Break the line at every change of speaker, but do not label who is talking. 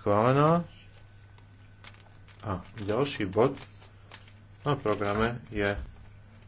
schválená A ďalší bod
na programe
je